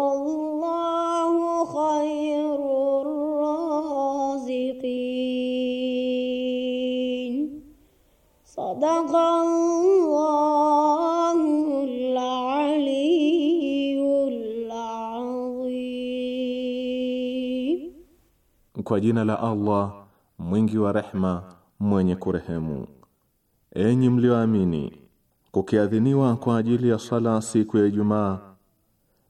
wallahu khairur raziqin. Kwa jina la Allah mwingi wa rehma mwenye kurehemu. Enyi mlioamini, kukiadhiniwa kwa ajili ya sala siku ya Ijumaa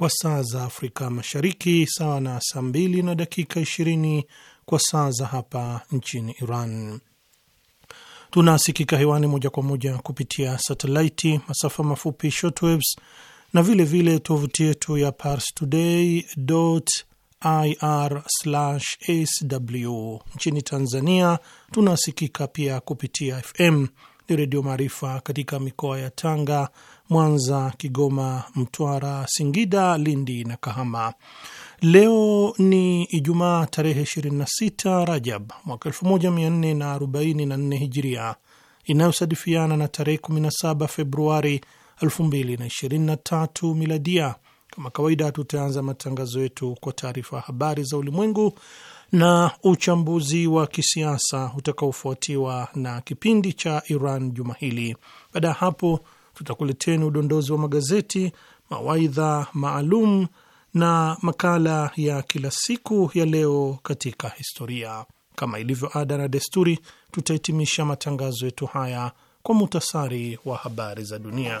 kwa saa za Afrika Mashariki, sawa na saa mbili na dakika ishirini kwa saa za hapa nchini Iran. Tunasikika hewani moja kwa moja kupitia satelaiti, masafa mafupi shortwaves, na vilevile tovuti yetu ya pars ir sw Nchini Tanzania tunasikika pia kupitia FM ni Redio Maarifa katika mikoa ya Tanga, Mwanza, Kigoma, Mtwara, Singida, Lindi na Kahama. Leo ni Ijumaa tarehe 26 Rajab mwaka 1444 Hijiria, inayosadifiana na tarehe 17 Februari 2023 Miladia. Kama kawaida, tutaanza matangazo yetu kwa taarifa ya habari za ulimwengu na uchambuzi wa kisiasa utakaofuatiwa na kipindi cha Iran juma hili. Baada ya hapo tutakuleteni udondozi wa magazeti, mawaidha maalum na makala ya kila siku ya leo katika historia. Kama ilivyo ada na desturi, tutahitimisha matangazo yetu haya kwa muhtasari wa habari za dunia.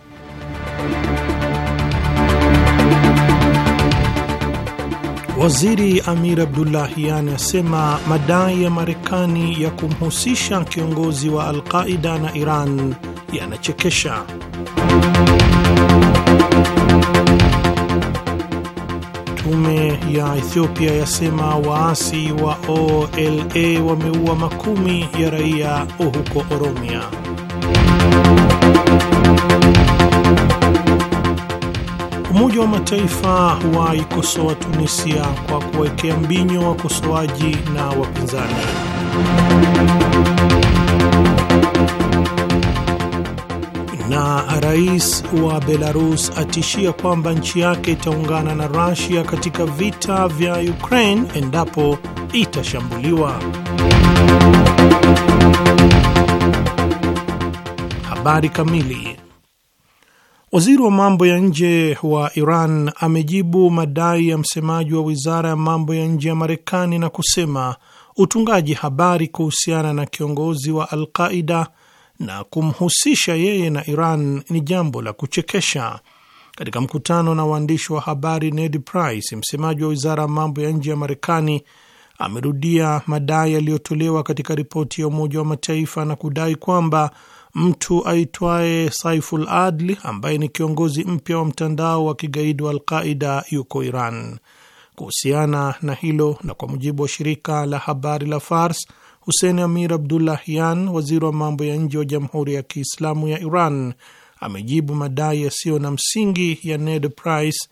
Waziri Amir Abdullahian asema madai ya Marekani ya kumhusisha kiongozi wa Alqaida na Iran yanachekesha. Tume ya Ethiopia yasema waasi wa OLA wameua makumi ya raia huko Oromia. Umoja wa Mataifa waikosoa Tunisia kwa kuwekea mbinyo wakosoaji na wapinzani. Na rais wa Belarus atishia kwamba nchi yake itaungana na Russia katika vita vya Ukraine endapo itashambuliwa. Habari kamili Waziri wa mambo ya nje wa Iran amejibu madai ya msemaji wa wizara ya mambo ya nje ya Marekani na kusema utungaji habari kuhusiana na kiongozi wa Alqaida na kumhusisha yeye na Iran ni jambo la kuchekesha. Katika mkutano na waandishi wa habari, Ned Price, msemaji wa wizara ya mambo ya nje ya Marekani, amerudia madai yaliyotolewa katika ripoti ya Umoja wa Mataifa na kudai kwamba mtu aitwaye Saiful Adli ambaye ni kiongozi mpya wa mtandao wa kigaidi wa Alqaida yuko Iran. Kuhusiana na hilo, na kwa mujibu wa shirika la habari la Fars, Hussein Amir yan waziri wa mambo ya nje wa Jamhuri ya Kiislamu ya Iran, amejibu madai yasiyo na msingi ya Ned Price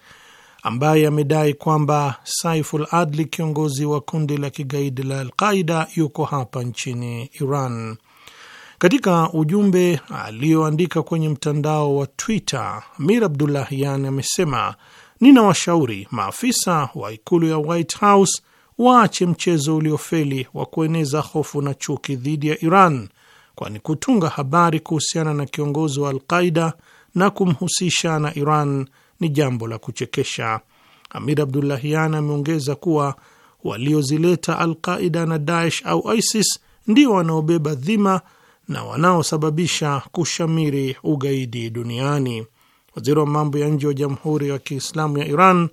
ambaye amedai kwamba Saiful Adli, kiongozi wa kundi la kigaidi la Alqaida, yuko hapa nchini Iran. Katika ujumbe aliyoandika kwenye mtandao wa Twitter, Amir Abdullahian amesema nina washauri maafisa wa ikulu ya White House waache mchezo uliofeli wa kueneza hofu na chuki dhidi ya Iran, kwani kutunga habari kuhusiana na kiongozi wa Alqaida na kumhusisha na Iran ni jambo la kuchekesha. Amir Abdullahian ameongeza kuwa waliozileta Alqaida na Daesh au ISIS ndio wanaobeba dhima na wanaosababisha kushamiri ugaidi duniani. Waziri wa mambo ya nje wa Jamhuri ya Kiislamu ya Iran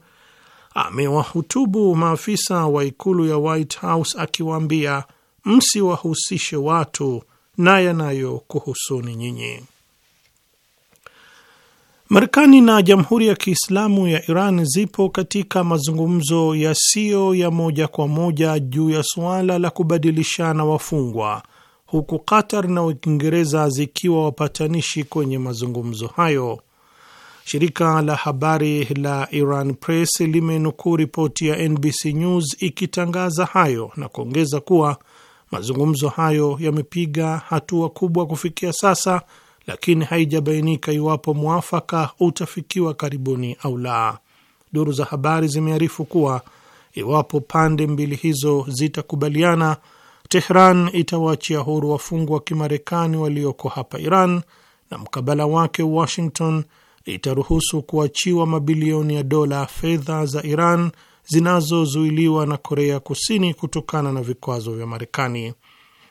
amewahutubu maafisa wa ikulu ya White House akiwaambia, msiwahusishe watu na yanayokuhusuni nyinyi. Marekani na Jamhuri ya Kiislamu ya Iran zipo katika mazungumzo yasiyo ya moja kwa moja juu ya suala la kubadilishana wafungwa huku Qatar na Uingereza zikiwa wapatanishi kwenye mazungumzo hayo. Shirika la habari la Iran Press limenukuu ripoti ya NBC News ikitangaza hayo na kuongeza kuwa mazungumzo hayo yamepiga hatua kubwa kufikia sasa, lakini haijabainika iwapo mwafaka utafikiwa karibuni au la. Duru za habari zimearifu kuwa iwapo pande mbili hizo zitakubaliana Tehran itawaachia huru wafungwa wa Kimarekani walioko hapa Iran na mkabala wake Washington itaruhusu kuachiwa mabilioni ya dola fedha za Iran zinazozuiliwa na Korea Kusini kutokana na vikwazo vya Marekani.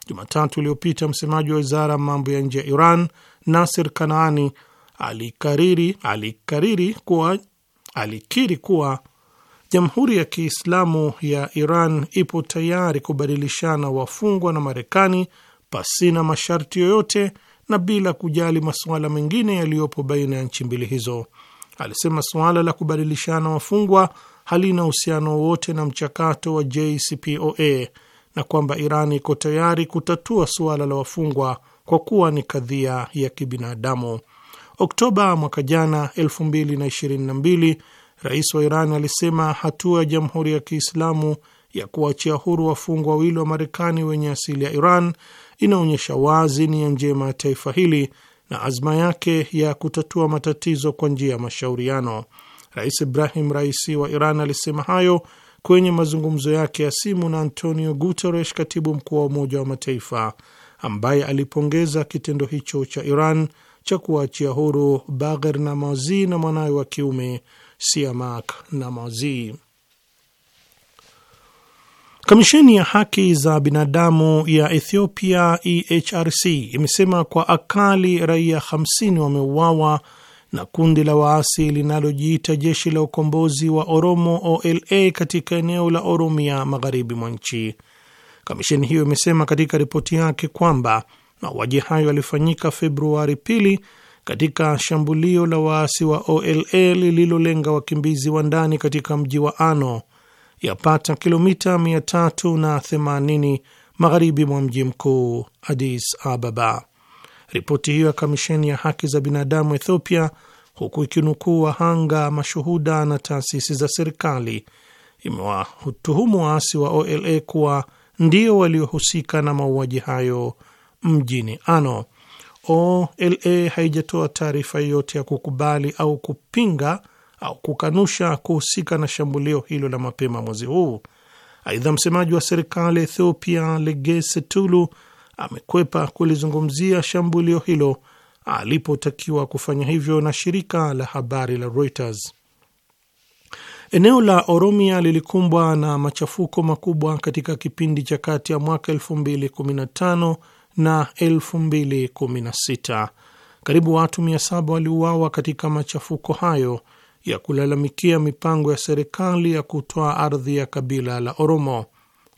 Jumatatu iliyopita msemaji wa wizara ya mambo ya nje ya Iran Nasir Kanaani alikariri kuwa alikiri kuwa Jamhuri ya Kiislamu ya Iran ipo tayari kubadilishana wafungwa na Marekani pasina masharti yoyote na bila kujali masuala mengine yaliyopo baina ya nchi mbili hizo. Alisema suala la kubadilishana wafungwa halina uhusiano wowote na mchakato wa JCPOA na kwamba Iran iko tayari kutatua suala la wafungwa kwa kuwa ni kadhia ya kibinadamu. Oktoba mwaka jana 2022 Rais wa Iran alisema hatua ya Jamhuri ya Kiislamu ya kuachia huru wafungwa wawili wa Marekani wenye asili ya Iran inaonyesha wazi nia njema ya taifa hili na azma yake ya kutatua matatizo kwa njia ya mashauriano. Rais Ibrahim Raisi wa Iran alisema hayo kwenye mazungumzo yake ya simu na Antonio Guterres, katibu mkuu wa Umoja wa Mataifa, ambaye alipongeza kitendo hicho cha Iran cha kuwaachia huru Bagher Namazi na mwanawe wa kiume Siamak na Mazi. Kamisheni ya haki za binadamu ya Ethiopia EHRC imesema kwa akali raia 50 wameuawa na kundi la waasi linalojiita jeshi la ukombozi wa Oromo OLA katika eneo la Oromia magharibi mwa nchi. Kamisheni hiyo imesema katika ripoti yake kwamba mauaji hayo yalifanyika Februari pili katika shambulio la waasi wa OLA lililolenga wakimbizi wa ndani katika mji wa Ano, yapata kilomita 380 magharibi mwa mji mkuu Addis Ababa. Ripoti hiyo ya kamisheni ya haki za binadamu Ethiopia, huku ikinukuu wahanga, mashuhuda na taasisi za serikali, imewatuhumu waasi wa OLA kuwa ndio waliohusika na mauaji hayo mjini Ano. OLA haijatoa taarifa yoyote ya kukubali au kupinga au kukanusha kuhusika na shambulio hilo la mapema mwezi huu. Aidha, msemaji wa serikali Ethiopia Legesse Tulu amekwepa kulizungumzia shambulio hilo alipotakiwa kufanya hivyo na shirika la habari la Reuters. Eneo la Oromia lilikumbwa na machafuko makubwa katika kipindi cha kati ya mwaka 2015 na 2016. Karibu watu 700 waliuawa katika machafuko hayo ya kulalamikia mipango ya serikali ya kutoa ardhi ya kabila la Oromo.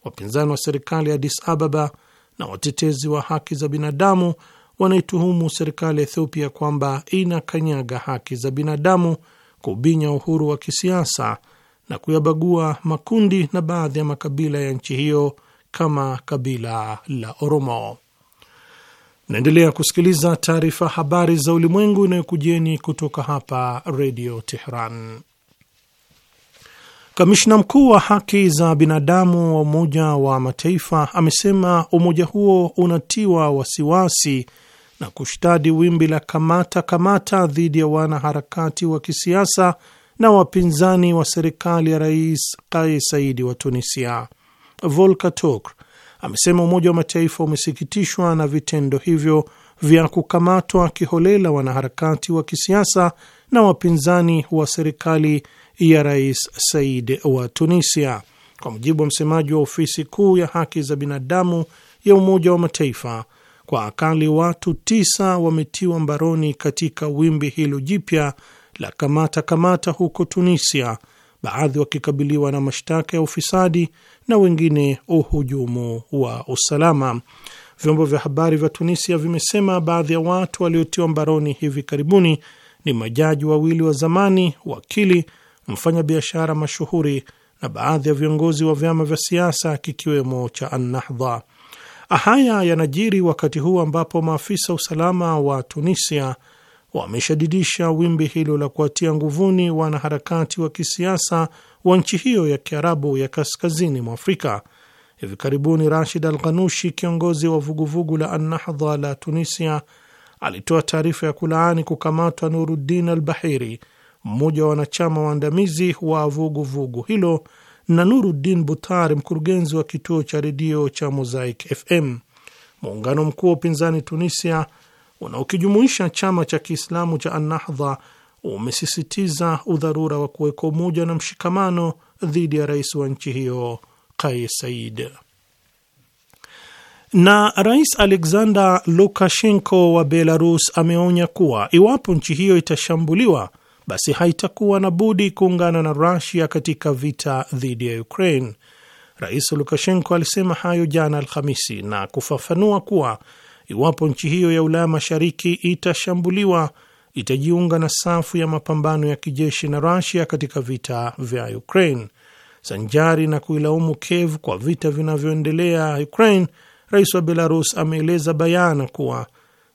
Wapinzani wa serikali ya Addis Ababa na watetezi wa haki za binadamu wanaituhumu serikali ya Ethiopia kwamba inakanyaga haki za binadamu, kubinya uhuru wa kisiasa na kuyabagua makundi na baadhi ya makabila ya nchi hiyo kama kabila la Oromo. Naendelea kusikiliza taarifa habari za ulimwengu inayokujeni kutoka hapa redio Tehran. Kamishna mkuu wa haki za binadamu wa Umoja wa Mataifa amesema umoja huo unatiwa wasiwasi na kushtadi wimbi la kamata kamata dhidi ya wanaharakati wa kisiasa na wapinzani wa serikali ya Rais Kais Saidi wa Tunisia. Volker Turk amesema Umoja wa Mataifa umesikitishwa na vitendo hivyo vya kukamatwa kiholela wanaharakati wa kisiasa na wapinzani wa serikali ya Rais Said wa Tunisia. Kwa mujibu wa msemaji wa ofisi kuu ya haki za binadamu ya Umoja wa Mataifa, kwa akali watu tisa wametiwa mbaroni katika wimbi hilo jipya la kamata kamata huko Tunisia baadhi wakikabiliwa na mashtaka ya ufisadi na wengine uhujumu wa usalama. Vyombo vya habari vya Tunisia vimesema baadhi ya watu waliotiwa mbaroni hivi karibuni ni majaji wawili wa zamani, wakili, mfanyabiashara mashuhuri na baadhi ya viongozi wa vyama vya siasa kikiwemo cha Annahdha. Haya yanajiri wakati huu ambapo maafisa usalama wa Tunisia wameshadidisha wimbi hilo la kuwatia nguvuni wanaharakati wa kisiasa wa nchi hiyo ya Kiarabu ya kaskazini mwa Afrika. Hivi karibuni Rashid Al Ghanushi, kiongozi wa vuguvugu la Annahdha la Tunisia, alitoa taarifa ya kulaani kukamatwa Nuruddin Al Bahiri, mmoja wa wanachama waandamizi wa vuguvugu vugu hilo na Nuruddin Butar, mkurugenzi wa kituo cha redio cha Mosaic FM. Muungano mkuu wa upinzani Tunisia unaokijumuisha chama cha Kiislamu cha Annahdha umesisitiza udharura wa kuweka umoja na mshikamano dhidi ya rais wa nchi hiyo Kais Na Rais Alexander Lukashenko wa Belarus ameonya kuwa iwapo nchi hiyo itashambuliwa, basi haitakuwa na budi kuungana na Rusia katika vita dhidi ya Ukraine. Rais Lukashenko alisema hayo jana Alhamisi na kufafanua kuwa Iwapo nchi hiyo ya Ulaya Mashariki itashambuliwa, itajiunga na safu ya mapambano ya kijeshi na rasia katika vita vya Ukraine. Sanjari na kuilaumu Kiev kwa vita vinavyoendelea Ukraine, rais wa Belarus ameeleza bayana kuwa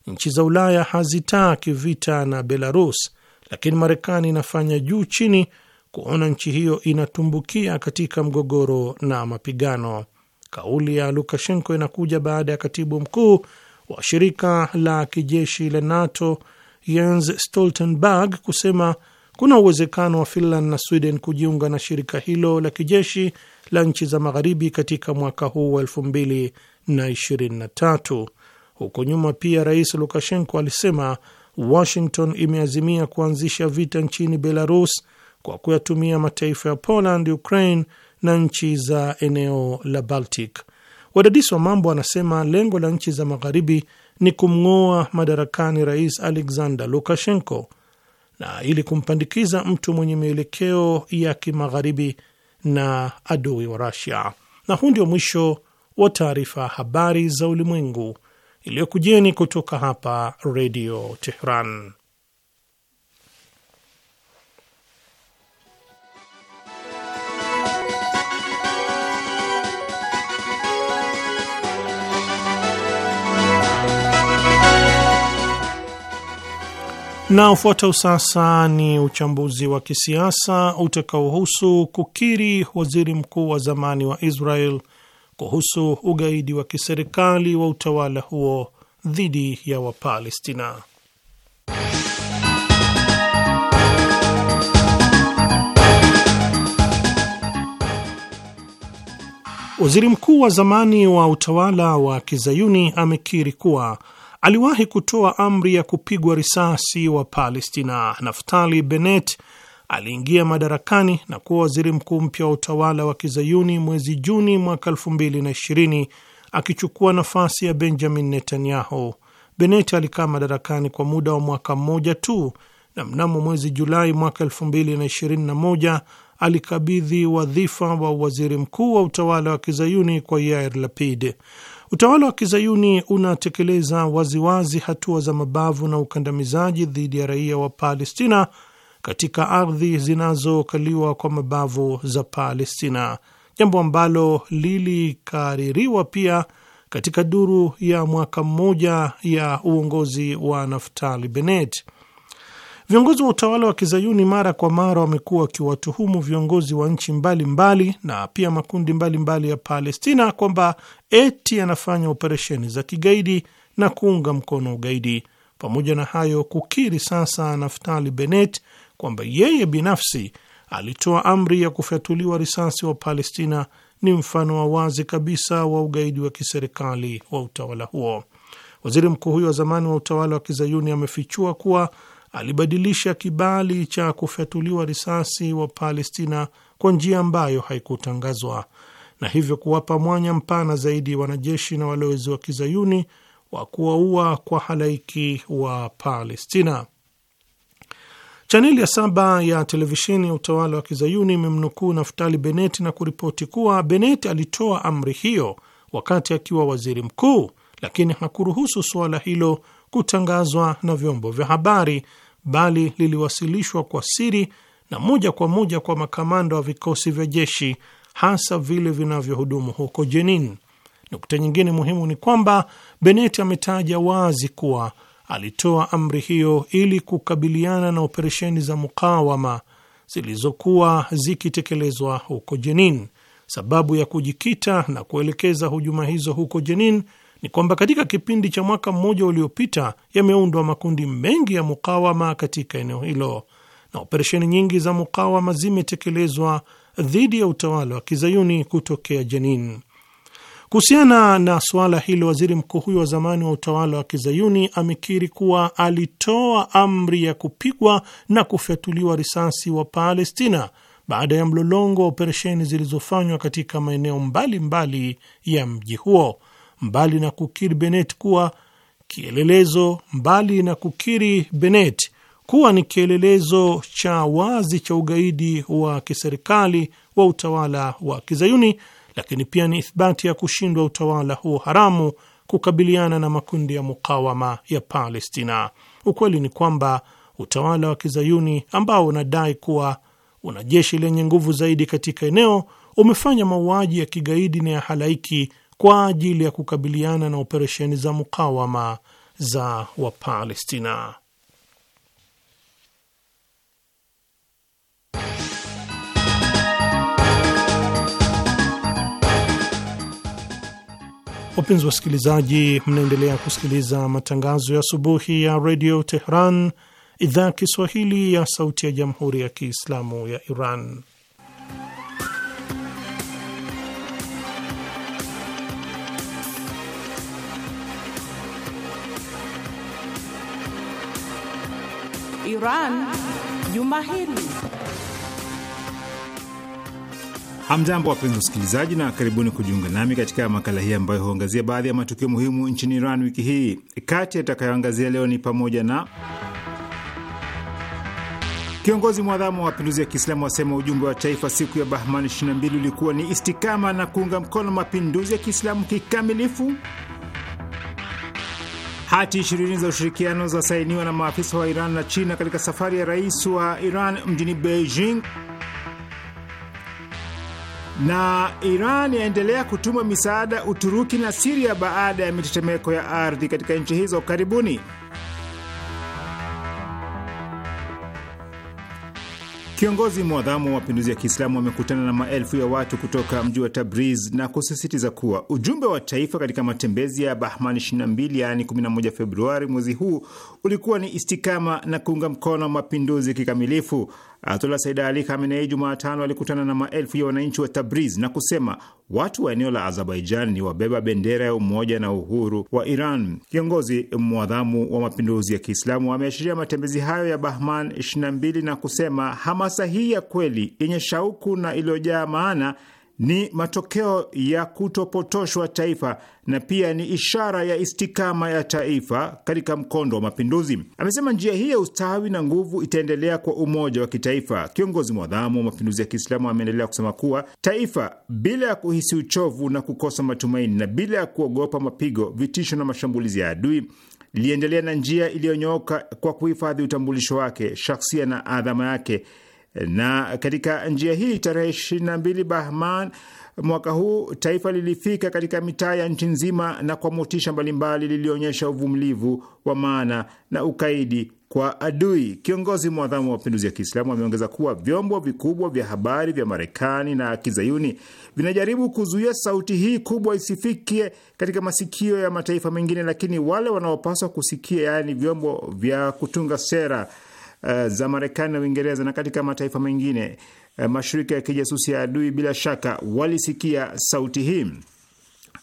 nchi za Ulaya hazitaki vita na Belarus, lakini Marekani inafanya juu chini kuona nchi hiyo inatumbukia katika mgogoro na mapigano. Kauli ya Lukashenko inakuja baada ya katibu mkuu wa shirika la kijeshi la NATO Jens Stoltenberg kusema kuna uwezekano wa Finland na Sweden kujiunga na shirika hilo la kijeshi la nchi za magharibi katika mwaka huu wa tatu. Huko nyuma pia Rais Lukashenko alisema Washington imeazimia kuanzisha vita nchini Belarus kwa kuyatumia mataifa ya Poland, Ukraine na nchi za eneo la Baltic. Wadadisi wa mambo wanasema lengo la nchi za magharibi ni kumng'oa madarakani Rais Alexander Lukashenko, na ili kumpandikiza mtu mwenye mielekeo ya kimagharibi na adui wa rasia Na huu ndio mwisho wa taarifa habari za ulimwengu iliyokujeni kutoka hapa Redio Tehran. Na ufuata sasa ni uchambuzi wa kisiasa utakaohusu kukiri waziri mkuu wa zamani wa Israel kuhusu ugaidi wa kiserikali wa utawala huo dhidi ya Wapalestina. Waziri mkuu wa zamani wa utawala wa kizayuni amekiri kuwa aliwahi kutoa amri ya kupigwa risasi wa Palestina. Naftali Bennett aliingia madarakani na kuwa waziri mkuu mpya wa utawala wa kizayuni mwezi Juni mwaka 2020 akichukua nafasi ya Benjamin Netanyahu. Bennett alikaa madarakani kwa muda wa mwaka mmoja tu na mnamo mwezi Julai mwaka 221 alikabidhi wadhifa wa waziri mkuu wa utawala wa kizayuni kwa Yair Lapid. Utawala wa kizayuni unatekeleza waziwazi hatua za mabavu na ukandamizaji dhidi ya raia wa Palestina katika ardhi zinazokaliwa kwa mabavu za Palestina, jambo ambalo lilikaririwa pia katika duru ya mwaka mmoja ya uongozi wa Naftali Bennett. Viongozi wa utawala wa kizayuni mara kwa mara wamekuwa wakiwatuhumu viongozi wa nchi mbalimbali mbali na pia makundi mbalimbali mbali ya Palestina kwamba eti anafanya operesheni za kigaidi na kuunga mkono ugaidi. Pamoja na hayo, kukiri sasa Naftali Bennett kwamba yeye binafsi alitoa amri ya kufyatuliwa risasi wa Palestina ni mfano wa wazi kabisa wa ugaidi wa kiserikali wa utawala huo. Waziri mkuu huyo wa zamani wa utawala wa kizayuni amefichua kuwa alibadilisha kibali cha kufyatuliwa risasi wa Palestina kwa njia ambayo haikutangazwa na hivyo kuwapa mwanya mpana zaidi wanajeshi na walowezi wa kizayuni wa kuwaua kwa halaiki wa Palestina. Chaneli ya saba ya televisheni ya utawala wa kizayuni imemnukuu Naftali Beneti na kuripoti kuwa Beneti alitoa amri hiyo wakati akiwa waziri mkuu, lakini hakuruhusu suala hilo kutangazwa na vyombo vya habari, bali liliwasilishwa kwa siri na moja kwa moja kwa makamanda wa vikosi vya jeshi hasa vile vinavyohudumu huko Jenin. Nukta nyingine muhimu ni kwamba benet ametaja wazi kuwa alitoa amri hiyo ili kukabiliana na operesheni za mukawama zilizokuwa zikitekelezwa huko Jenin. Sababu ya kujikita na kuelekeza hujuma hizo huko Jenin ni kwamba katika kipindi cha mwaka mmoja uliopita yameundwa makundi mengi ya mukawama katika eneo hilo na operesheni nyingi za mukawama zimetekelezwa dhidi ya utawala wa kizayuni kutokea Jenin. Kuhusiana na suala hilo, waziri mkuu huyo wa zamani wa utawala wa kizayuni amekiri kuwa alitoa amri ya kupigwa na kufyatuliwa risasi wa Palestina baada ya mlolongo wa operesheni zilizofanywa katika maeneo mbalimbali ya mji huo. Mbali na kukiri benet kuwa kielelezo, mbali na kukiri benet kuwa ni kielelezo cha wazi cha ugaidi wa kiserikali wa utawala wa kizayuni, lakini pia ni ithbati ya kushindwa utawala huo haramu kukabiliana na makundi ya mukawama ya Palestina. Ukweli ni kwamba utawala wa kizayuni ambao unadai kuwa una jeshi lenye nguvu zaidi katika eneo umefanya mauaji ya kigaidi na ya halaiki kwa ajili ya kukabiliana na operesheni za mukawama za Wapalestina. Wapenzi wasikilizaji, mnaendelea kusikiliza matangazo ya asubuhi ya redio Tehran, idhaa ya Kiswahili ya sauti ya jamhuri ya Kiislamu ya Iran. Iran Juma Hili. Hamjambo, wapenzi wasikilizaji, na karibuni kujiunga nami katika makala hii ambayo huangazia baadhi ya matukio muhimu nchini Iran wiki hii. Kati yatakayoangazia leo ni pamoja na kiongozi mwadhamu wa mapinduzi ya Kiislamu wasema ujumbe wa taifa siku ya Bahman 22 ulikuwa ni istikama na kuunga mkono mapinduzi ya Kiislamu kikamilifu. Hati ishirini za ushirikiano zasainiwa na maafisa wa Iran na China katika safari ya rais wa Iran mjini Beijing na Iran yaendelea kutuma misaada Uturuki na Siria baada ya mitetemeko ya ardhi katika nchi hizo. Karibuni. Kiongozi mwadhamu wa mapinduzi ya Kiislamu wamekutana na maelfu ya watu kutoka mji wa Tabriz na kusisitiza kuwa ujumbe wa taifa katika matembezi ya Bahman 22 yaani 11 Februari mwezi huu ulikuwa ni istikama na kuunga mkono mapinduzi kikamilifu. Ayatollah Said Ali Khamenei Jumatano alikutana na maelfu ya wananchi wa Tabriz na kusema watu wa eneo la Azerbaijan ni wabeba bendera ya umoja na uhuru wa Iran. Kiongozi mwadhamu wa mapinduzi ya Kiislamu ameashiria matembezi hayo ya Bahman 22 na kusema hamasa hii ya kweli yenye shauku na iliyojaa maana ni matokeo ya kutopotoshwa taifa na pia ni ishara ya istikama ya taifa katika mkondo wa mapinduzi. Amesema njia hii ya ustawi na nguvu itaendelea kwa umoja wa kitaifa. Kiongozi mwadhamu wa mapinduzi ya Kiislamu ameendelea kusema kuwa taifa bila ya kuhisi uchovu na kukosa matumaini na bila ya kuogopa mapigo, vitisho na mashambulizi ya adui liliendelea na njia iliyonyooka kwa kuhifadhi utambulisho wake, shakhsia na adhama yake na katika njia hii tarehe 22 Bahman mwaka huu taifa lilifika katika mitaa ya nchi nzima, na kwa motisha mbalimbali lilionyesha uvumilivu wa maana na ukaidi kwa adui. Kiongozi mwadhamu wa mapinduzi ya Kiislamu ameongeza kuwa vyombo vikubwa vya habari vya Marekani na Kizayuni vinajaribu kuzuia sauti hii kubwa isifikie katika masikio ya mataifa mengine, lakini wale wanaopaswa kusikia, yaani vyombo vya kutunga sera Eh, za Marekani na Uingereza na katika mataifa mengine eh, mashirika ya kijasusi ya adui bila shaka walisikia sauti hii.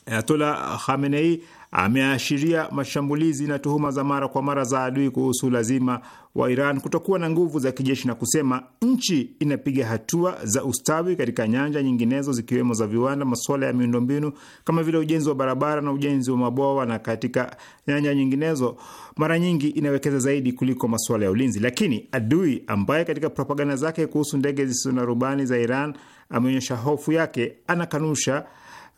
Ayatola Khamenei ameashiria mashambulizi na tuhuma za mara kwa mara za adui kuhusu lazima wa Iran kutokuwa na nguvu za kijeshi na kusema nchi inapiga hatua za ustawi katika nyanja nyinginezo zikiwemo za viwanda, masuala ya miundombinu kama vile ujenzi wa barabara na ujenzi wa mabwawa, na katika nyanja nyinginezo mara nyingi inawekeza zaidi kuliko masuala ya ulinzi. Lakini adui ambaye katika propaganda zake kuhusu ndege zisizo na rubani za Iran ameonyesha hofu yake, anakanusha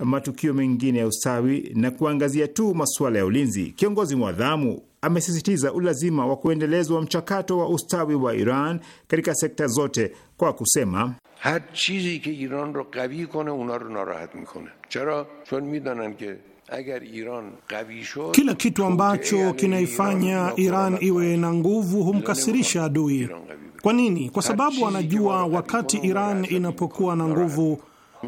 matukio mengine ya ustawi na kuangazia tu masuala ya ulinzi. Kiongozi mwadhamu amesisitiza ulazima wa kuendelezwa mchakato wa ustawi wa Iran katika sekta zote kwa kusema har chizi ke iran ro kone una ro narahat mikone chara chon midanan ke kila kitu ambacho kinaifanya Iran iwe na nguvu humkasirisha adui. Kwa nini? Kwa sababu anajua wakati Iran inapokuwa na nguvu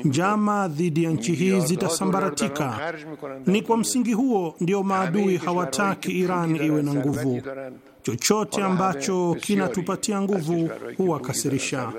njama dhidi ya nchi hii zitasambaratika. Ni kwa msingi huo ndio maadui hawataki Iran iwe na nguvu. Chochote ambacho kinatupatia nguvu huwakasirisha.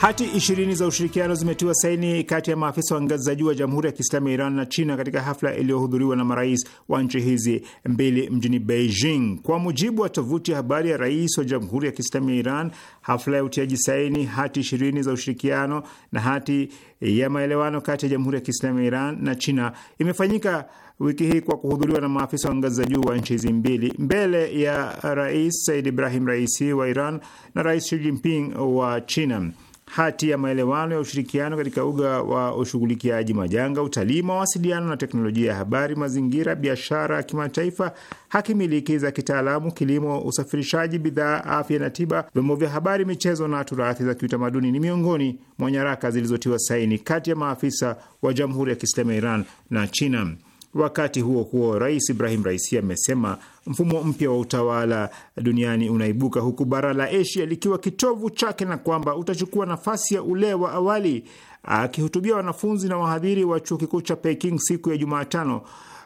Hati ishirini za ushirikiano zimetiwa saini kati ya maafisa wa ngazi za juu wa Jamhuri ya Kiislamu ya Iran na China katika hafla iliyohudhuriwa na marais wa nchi hizi mbili mjini Beijing. Kwa mujibu wa tovuti ya habari ya rais wa Jamhuri ya Kiislamu ya Iran, hafla ya utiaji saini hati ishirini za ushirikiano na hati ya maelewano kati ya Jamhuri ya Kiislamu ya Iran na China imefanyika wiki hii kwa kuhudhuriwa na maafisa wa ngazi za juu wa nchi hizi mbili mbele ya Rais Said Ibrahim Raisi wa Iran na Rais Xi Jinping wa China hati ya maelewano ya ushirikiano katika uga wa ushughulikiaji majanga, utalii, mawasiliano na teknolojia ya habari, mazingira, biashara ya kimataifa, haki miliki za kitaalamu, kilimo, usafirishaji bidhaa, afya na tiba, vyombo vya habari, michezo na turathi za kiutamaduni ni miongoni mwa nyaraka zilizotiwa saini kati ya maafisa wa Jamhuri ya Kiislamu ya Iran na China. Wakati huo huo, Rais Ibrahim Raisi amesema mfumo mpya wa utawala duniani unaibuka huku bara la Asia likiwa kitovu chake na kwamba utachukua nafasi ya ule wa awali. Akihutubia wanafunzi na wahadhiri wa chuo kikuu cha Peking siku ya Jumatano,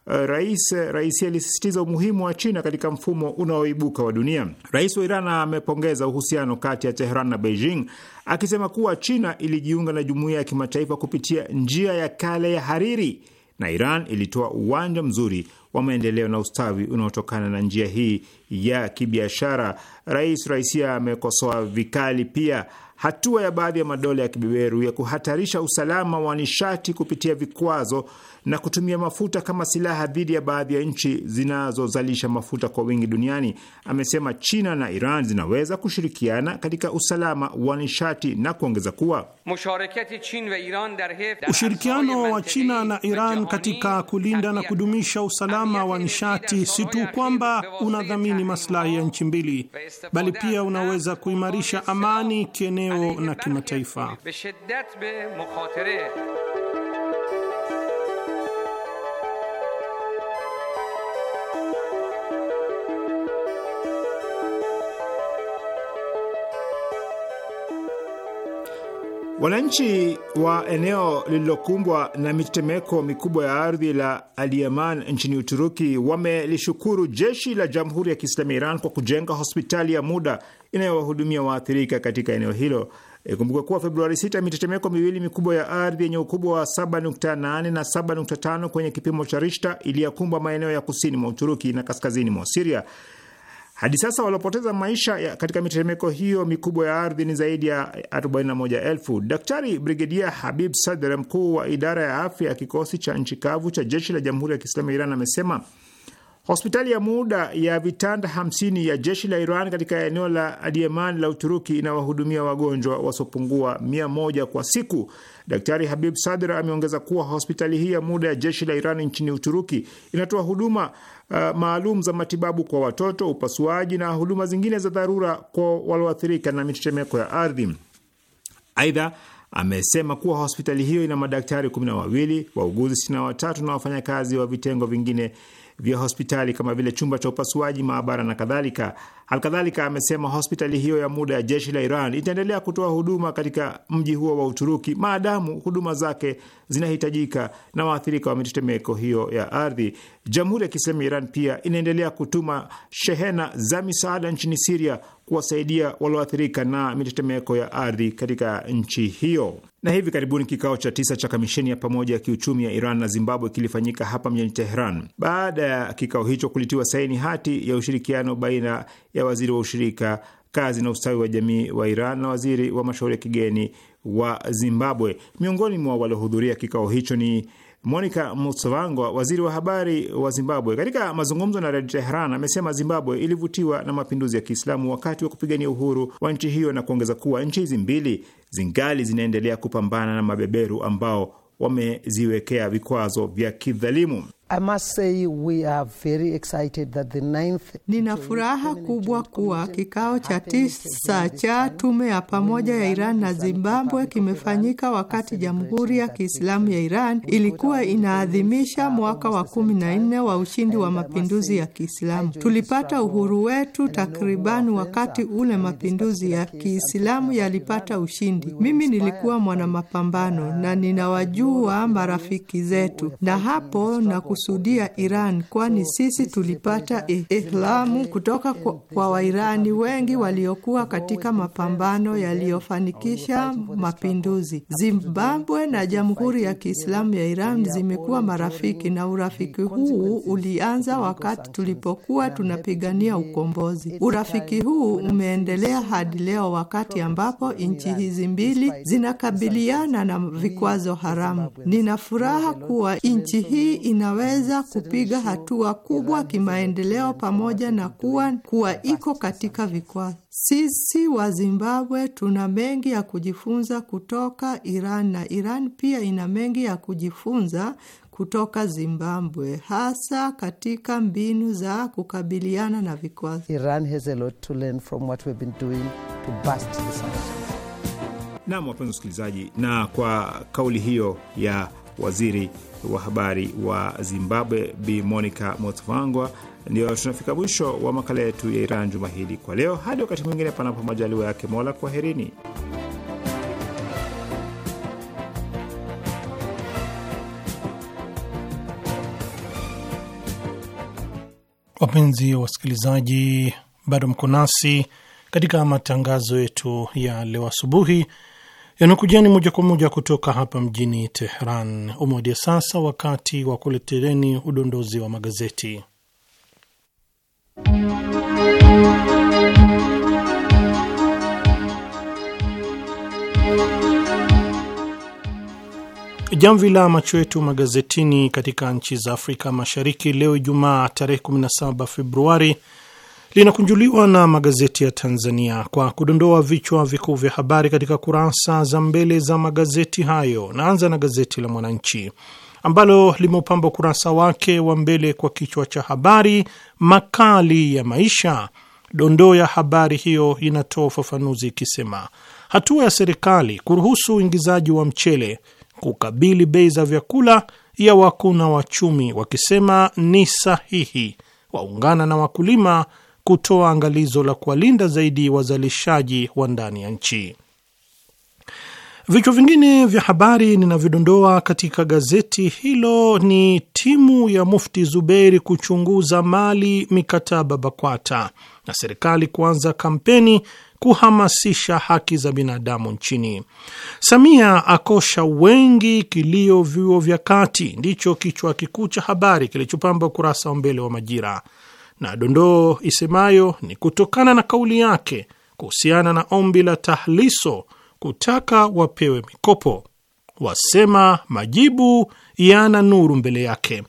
Rais Raisi alisisitiza umuhimu wa China katika mfumo unaoibuka wa dunia. Rais wa Iran amepongeza uhusiano kati ya Teheran na Beijing akisema kuwa China ilijiunga na jumuiya ya kimataifa kupitia njia ya kale ya hariri na Iran ilitoa uwanja mzuri wa maendeleo na ustawi unaotokana na njia hii ya kibiashara. Rais Raisia amekosoa vikali pia hatua ya baadhi ya madola ya kibeberu ya kuhatarisha usalama wa nishati kupitia vikwazo na kutumia mafuta kama silaha dhidi ya baadhi ya nchi zinazozalisha mafuta kwa wingi duniani. Amesema China na Iran zinaweza kushirikiana katika usalama wa nishati na kuongeza kuwa ushirikiano wa China na Iran katika kulinda na kudumisha usalama wa nishati si tu kwamba unadhamini maslahi ya nchi mbili, bali pia unaweza kuimarisha amani kieneo na kimataifa. Wananchi wa eneo lililokumbwa na mitetemeko mikubwa ya ardhi la Alieman nchini Uturuki wamelishukuru jeshi la Jamhuri ya Kiislamu ya Iran kwa kujenga hospitali ya muda inayowahudumia waathirika katika eneo hilo. Ikumbuka kuwa Februari 6 mitetemeko miwili mikubwa ya ardhi yenye ukubwa wa 7.8 na 7.5 kwenye kipimo cha Rishta iliyakumbwa maeneo ya kusini mwa Uturuki na kaskazini mwa Siria. Hadi sasa waliopoteza maisha katika mitetemeko hiyo mikubwa ya ardhi ni zaidi ya 41,000. Daktari Brigedia Habib Sadr, mkuu wa idara ya afya ya kikosi cha nchi kavu cha jeshi la Jamhuri ya Kiislamu ya Iran, amesema Hospitali ya muda ya vitanda 50 ya jeshi la Iran katika eneo la Adieman la Uturuki inawahudumia wagonjwa wasiopungua 100 kwa siku. Daktari Habib Sadr ameongeza kuwa hospitali hii ya muda ya jeshi la Iran nchini Uturuki inatoa huduma uh, maalum za matibabu kwa watoto, upasuaji na huduma zingine za dharura kwa walioathirika na mitetemeko ya ardhi. Aidha, amesema kuwa hospitali hiyo ina madaktari 12, wauguzi 63 na wafanyakazi wa vitengo vingine vya hospitali kama vile chumba cha upasuaji, maabara na kadhalika. Alkadhalika amesema hospitali hiyo ya muda ya jeshi la Iran itaendelea kutoa huduma katika mji huo wa Uturuki maadamu huduma zake zinahitajika na waathirika wa mitetemeko hiyo ya ardhi. Jamhuri ya Kiislamu ya Iran pia inaendelea kutuma shehena za misaada nchini Siria kuwasaidia walioathirika na mitetemeko ya ardhi katika nchi hiyo. Na hivi karibuni kikao cha tisa cha kamisheni ya pamoja ya kiuchumi ya Iran na Zimbabwe kilifanyika hapa mjini Teheran. Baada ya kikao hicho, kulitiwa saini hati ya ushirikiano baina ya waziri wa ushirika, kazi na ustawi wa jamii wa Iran na waziri wa mashauri ya kigeni wa Zimbabwe. Miongoni mwa waliohudhuria kikao hicho ni Monica Mutsvangwa, waziri wa habari wa Zimbabwe, katika mazungumzo na Radio Tehran amesema Zimbabwe ilivutiwa na mapinduzi ya Kiislamu wakati wa kupigania uhuru wa nchi hiyo na kuongeza kuwa nchi hizi mbili zingali zinaendelea kupambana na mabeberu ambao wameziwekea vikwazo vya kidhalimu. Nina furaha kubwa kuwa kikao cha tisa cha tume ya pamoja ya Iran na Zimbabwe kimefanyika wakati Jamhuri ya Kiislamu ya Iran ilikuwa inaadhimisha mwaka wa kumi na nne wa ushindi wa mapinduzi ya Kiislamu. Tulipata uhuru wetu takriban wakati ule mapinduzi ya Kiislamu yalipata ushindi. Mimi nilikuwa mwanamapambano na uh, ninawajua marafiki zetu na hapo na kukusudia Iran, kwani sisi tulipata ihlamu kutoka kwa, Wairani wengi waliokuwa katika mapambano yaliyofanikisha mapinduzi. Zimbabwe na Jamhuri ya Kiislamu ya Iran zimekuwa marafiki, na urafiki huu ulianza wakati tulipokuwa tunapigania ukombozi. Urafiki huu umeendelea hadi leo, wakati ambapo nchi hizi mbili zinakabiliana na vikwazo haramu. Nina furaha kuwa nchi hii inaweza kuweza kupiga hatua kubwa kimaendeleo pamoja na kuwa kuwa iko katika vikwazo. Sisi wa Zimbabwe tuna mengi ya kujifunza kutoka Iran na Iran pia ina mengi ya kujifunza kutoka Zimbabwe hasa katika mbinu za kukabiliana na vikwazo. Iran has a lot to learn from what we've been doing to bust Naam, wapenzi wasikilizaji, na kwa kauli hiyo ya waziri wa habari wa Zimbabwe Bi Monica motvangwa Ndio tunafika mwisho wa makala yetu ya Iran juma hili kwa leo. Hadi wakati mwingine, panapo majaliwa yake Mola, kwaherini. Wapenzi wasikilizaji, bado mko nasi katika matangazo yetu ya leo asubuhi yanakujani moja kwa moja kutoka hapa mjini Teheran. Umoja sasa wakati wa kuletereni udondozi wa magazeti. Jamvi la macho yetu magazetini katika nchi za Afrika Mashariki leo Ijumaa tarehe 17 Februari linakunjuliwa na magazeti ya Tanzania kwa kudondoa vichwa vikuu vya habari katika kurasa za mbele za magazeti hayo. Naanza na gazeti la Mwananchi ambalo limeupamba ukurasa wake wa mbele kwa kichwa cha habari makali ya maisha. Dondoo ya habari hiyo inatoa ufafanuzi ikisema, hatua ya serikali kuruhusu uingizaji wa mchele kukabili bei za vyakula ya wakuna wachumi wakisema ni sahihi, waungana na wakulima kutoa angalizo la kuwalinda zaidi wazalishaji wa ndani ya nchi. Vichwa vingine vya habari ninavyodondoa katika gazeti hilo ni timu ya Mufti Zuberi kuchunguza mali mikataba BAKWATA na serikali kuanza kampeni kuhamasisha haki za binadamu nchini. Samia akosha wengi kilio vyuo vya kati, ndicho kichwa kikuu cha habari kilichopamba ukurasa wa mbele wa Majira na dondoo isemayo ni kutokana na kauli yake kuhusiana na ombi la Tahliso kutaka wapewe mikopo, wasema majibu yana nuru mbele yake.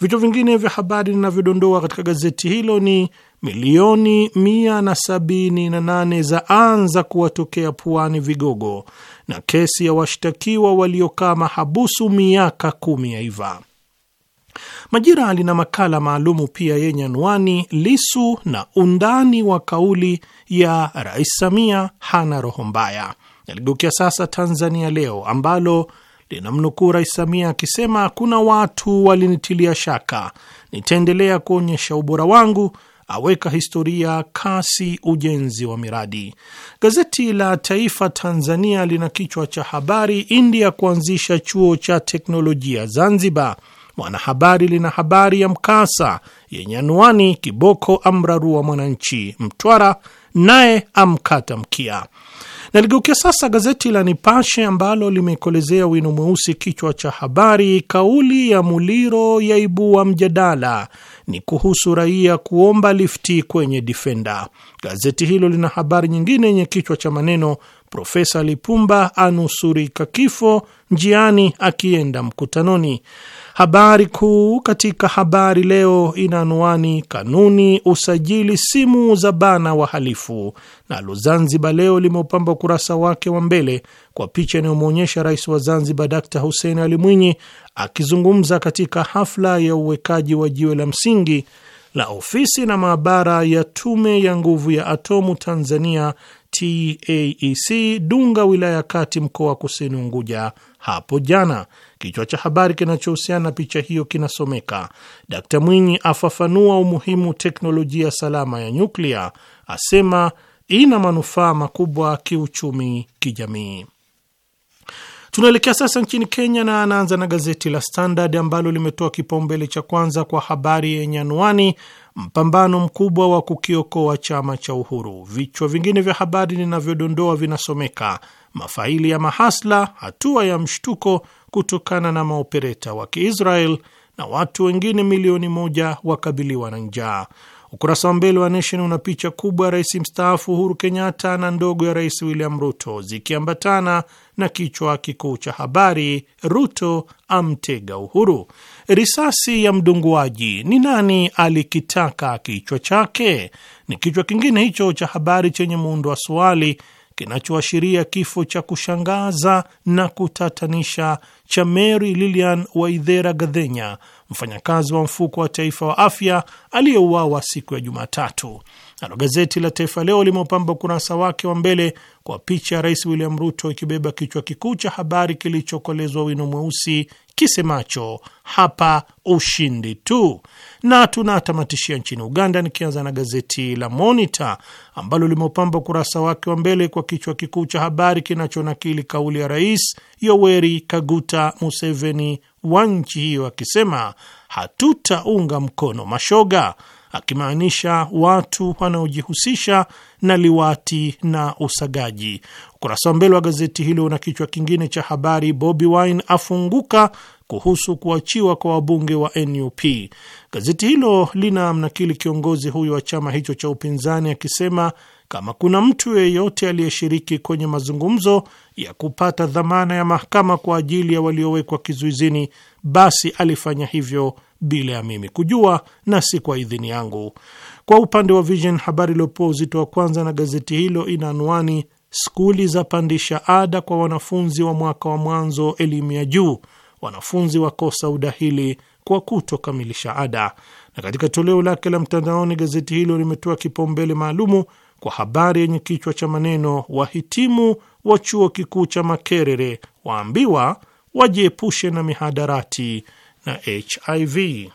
Vichwa vingine vya habari linavyodondoa katika gazeti hilo ni milioni 78 za anza kuwatokea puani vigogo, na kesi ya washtakiwa waliokaa mahabusu miaka kumi yaiva. Majira lina makala maalumu pia yenye anwani Lisu na undani wa kauli ya Rais Samia hana roho mbaya. Naligeukia sasa Tanzania Leo ambalo linamnukuu Rais Samia akisema, kuna watu walinitilia shaka, nitaendelea kuonyesha ubora wangu, aweka historia kasi ujenzi wa miradi. Gazeti la Taifa Tanzania lina kichwa cha habari, India kuanzisha chuo cha teknolojia Zanzibar Mwanahabari lina habari ya mkasa yenye anwani Kiboko amrarua mwananchi Mtwara naye amkata mkia. Naligeukia sasa gazeti la Nipashe ambalo limekolezea wino mweusi kichwa cha habari, kauli ya Muliro yaibua mjadala, ni kuhusu raia kuomba lifti kwenye Difenda. Gazeti hilo lina habari nyingine yenye kichwa cha maneno, Profesa Lipumba anusurika kifo njiani akienda mkutanoni. Habari kuu katika Habari Leo ina anwani kanuni usajili simu za bana wahalifu. Nalo Zanzibar Leo limeupamba ukurasa wake wa mbele kwa picha inayomwonyesha rais wa Zanzibar Dkt Hussein Ali Mwinyi akizungumza katika hafla ya uwekaji wa jiwe la msingi la ofisi na maabara ya Tume ya Nguvu ya Atomu Tanzania TAEC Dunga, wilaya ya Kati, mkoa wa Kusini Unguja hapo jana. Kichwa cha habari kinachohusiana na picha hiyo kinasomeka: Dkt Mwinyi afafanua umuhimu teknolojia salama ya nyuklia, asema ina manufaa makubwa kiuchumi, kijamii. Tunaelekea sasa nchini Kenya na anaanza na gazeti la Standard ambalo limetoa kipaumbele cha kwanza kwa habari yenye anwani mpambano mkubwa wa kukiokoa chama cha Uhuru. Vichwa vingine vya habari ninavyodondoa vinasomeka mafaili ya mahasla, hatua ya mshtuko kutokana na maopereta wa Kiisrael, na watu wengine milioni moja wakabiliwa na njaa. Ukurasa wa mbele wa Nation una picha kubwa ya rais mstaafu Uhuru Kenyatta na ndogo ya rais William Ruto zikiambatana na kichwa kikuu cha habari, Ruto amtega Uhuru. Risasi ya mdunguaji, ni nani alikitaka kichwa chake? Ni kichwa kingine hicho cha habari chenye muundo wa swali kinachoashiria kifo cha kushangaza na kutatanisha cha Mary Lilian Waithera Gadhenya, mfanyakazi wa mfuko wa taifa wa afya aliyeuawa siku ya Jumatatu. Nalo gazeti la Taifa Leo limeupamba ukurasa wake wa mbele kwa picha ya Rais William Ruto ikibeba kichwa kikuu cha habari kilichokolezwa wino mweusi kisemacho hapa ushindi tu. Na tunatamatishia nchini Uganda, nikianza na gazeti la Monitor ambalo limeupamba ukurasa wake wa mbele kwa kichwa kikuu cha habari kinachonakili kauli ya Rais Yoweri Kaguta Museveni wa nchi hiyo akisema hatutaunga mkono mashoga akimaanisha watu wanaojihusisha na liwati na usagaji. Ukurasa wa mbele wa gazeti hilo na kichwa kingine cha habari, Bobi Wine afunguka kuhusu kuachiwa kwa wabunge wa NUP. Gazeti hilo lina mnakili kiongozi huyo wa chama hicho cha upinzani akisema kama kuna mtu yeyote aliyeshiriki kwenye mazungumzo ya kupata dhamana ya mahakama kwa ajili ya waliowekwa kizuizini, basi alifanya hivyo bila ya mimi kujua na si kwa idhini yangu. Kwa upande wa Vision, habari iliyopewa uzito wa kwanza na gazeti hilo ina anwani, skuli za pandisha ada kwa wanafunzi wa mwaka wa mwanzo elimu ya juu wanafunzi wakosa udahili kwa kutokamilisha ada. Na katika toleo lake la mtandaoni, gazeti hilo limetoa kipaumbele maalumu kwa habari yenye kichwa cha maneno wahitimu wa chuo kikuu cha Makerere waambiwa wajiepushe na mihadarati na HIV.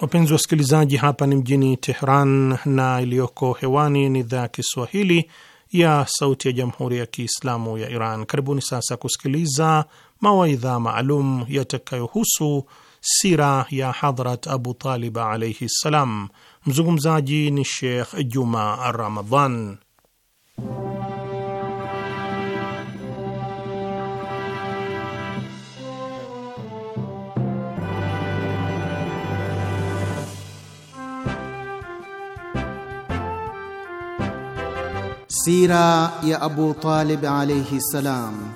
Wapenzi wasikilizaji, hapa ni mjini Tehran na iliyoko hewani ni idhaa ya Kiswahili ya Sauti ya Jamhuri ya Kiislamu ya Iran. Karibuni sasa kusikiliza mawaidha maalum yatakayohusu sira ya Hadhrat Abu Talib alaihi ssalam. Mzungumzaji ni Sheikh Juma Ramadhan. Sira ya Abu Talib alayhi salam.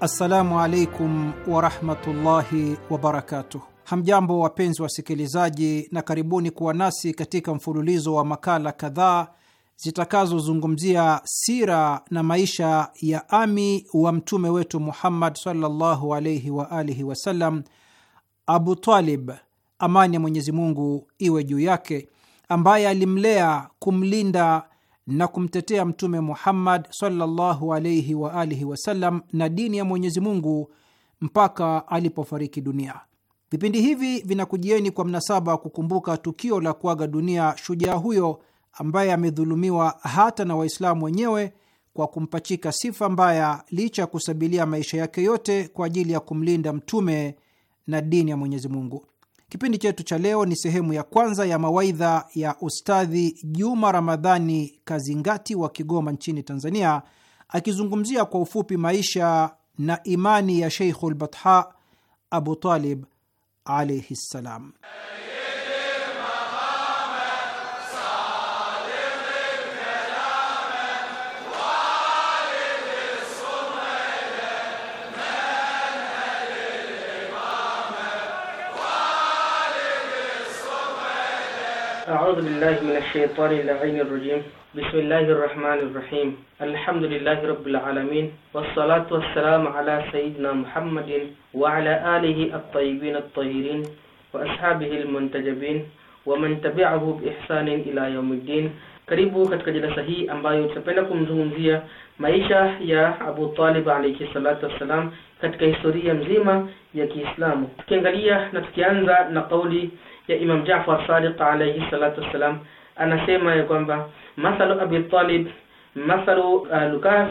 Assalamu rahmatullahi warahmatullahi wabarakatuh. Hamjambo wapenzi wasikilizaji, na karibuni kuwa nasi katika mfululizo wa makala kadhaa zitakazozungumzia sira na maisha ya ami wa mtume wetu Muhammad sallallahu alayhi wa alihi wasallam, Abu Talib amani ya Mwenyezi Mungu iwe juu yake, ambaye alimlea, kumlinda na kumtetea Mtume Muhammad sallallahu alaihi wa alihi wasallam na dini ya Mwenyezi Mungu mpaka alipofariki dunia. Vipindi hivi vinakujieni kwa mnasaba wa kukumbuka tukio la kuaga dunia shujaa huyo ambaye amedhulumiwa hata na Waislamu wenyewe kwa kumpachika sifa mbaya licha ya kusabilia maisha yake yote kwa ajili ya kumlinda mtume na dini ya Mwenyezi Mungu. Kipindi chetu cha leo ni sehemu ya kwanza ya mawaidha ya Ustadhi Juma Ramadhani Kazingati wa Kigoma nchini Tanzania, akizungumzia kwa ufupi maisha na imani ya Sheikhul Batha Abu Talib alaihi ssalam. أعوذ بالله من الشيطان اللعين الرجيم بسم الله الرحمن الرحيم الحمد لله رب العالمين والصلاة والسلام على سيدنا محمد وعلى آله الطيبين الطاهرين وأصحابه المنتجبين ومن تبعه بإحسان إلى يوم الدين karibu katika jalsa hii ambayo tutapenda kumzungumzia maisha ya Abu Talib alayhi salatu wassalam katika historia mzima ya Kiislamu tukiangalia na tukianza na kauli ya Imam Jafar Sadiq alayhi salatu wassalam anasema ya kwamba mathalu Abi Talib mathalu Lukas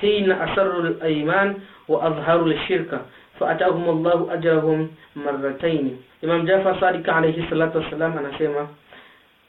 hina asarru al iman wa azharu al-shirka faatahum Allahu ajrahum marratayn. Imam Jafar Sadiq alayhi salatu wassalam anasema